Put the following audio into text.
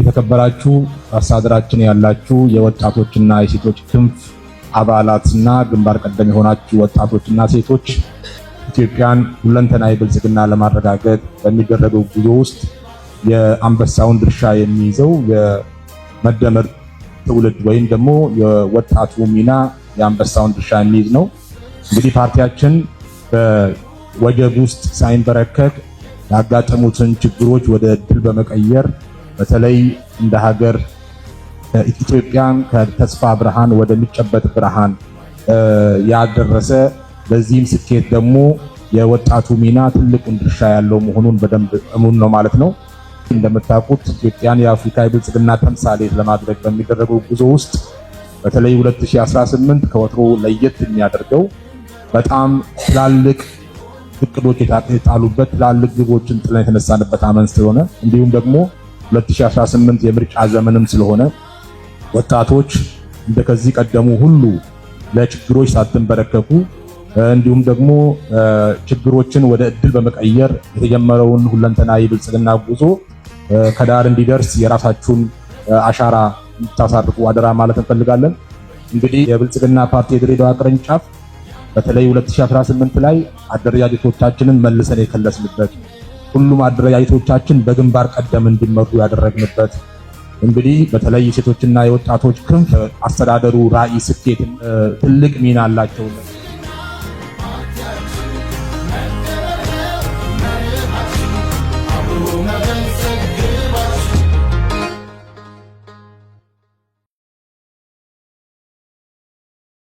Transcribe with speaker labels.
Speaker 1: የተከበራችሁ አስተዳደራችን ያላችሁ የወጣቶችና የሴቶች ክንፍ አባላትና ግንባር ቀደም የሆናችሁ ወጣቶችና ሴቶች ኢትዮጵያን ሁለንተናዊ ብልጽግና ለማረጋገጥ በሚደረገው ጉዞ ውስጥ የአንበሳውን ድርሻ የሚይዘው የመደመር ትውልድ ወይም ደግሞ የወጣቱ ሚና የአንበሳውን ድርሻ የሚይዝ ነው። እንግዲህ ፓርቲያችን በወጀብ ውስጥ ሳይንበረከክ ያጋጠሙትን ችግሮች ወደ ድል በመቀየር በተለይ እንደ ሀገር ኢትዮጵያን ከተስፋ ብርሃን ወደሚጨበጥ ብርሃን ያደረሰ በዚህም ስኬት ደግሞ የወጣቱ ሚና ትልቁን ድርሻ ያለው መሆኑን በደንብ እሙን ነው ማለት ነው። እንደምታውቁት ኢትዮጵያን የአፍሪካ የብልጽግና ተምሳሌት ለማድረግ በሚደረገው ጉዞ ውስጥ በተለይ 2018 ከወትሮ ለየት የሚያደርገው በጣም ትላልቅ እቅዶች የጣሉበት ትላልቅ ግቦችን ጥለን የተነሳንበት አመን ስለሆነ እንዲሁም ደግሞ 2018 የምርጫ ዘመንም ስለሆነ ወጣቶች እንደከዚህ ቀደሙ ሁሉ ለችግሮች ሳትንበረከኩ እንዲሁም ደግሞ ችግሮችን ወደ እድል በመቀየር የተጀመረውን ሁለንተናዊ ብልጽግና ጉዞ ከዳር እንዲደርስ የራሳችሁን አሻራ እንድታሳርፉ አደራ ማለት እንፈልጋለን። እንግዲህ የብልጽግና ፓርቲ የድሬዳዋ ቅርንጫፍ በተለይ 2018 ላይ አደረጃጀቶቻችንን መልሰን የከለስንበት ሁሉም አደረጃጀቶቻችን በግንባር ቀደም እንዲመሩ ያደረግንበት እንግዲህ በተለይ የሴቶችና የወጣቶች ክንፍ አስተዳደሩ ራዕይ ስኬት ትልቅ ሚና አላቸው።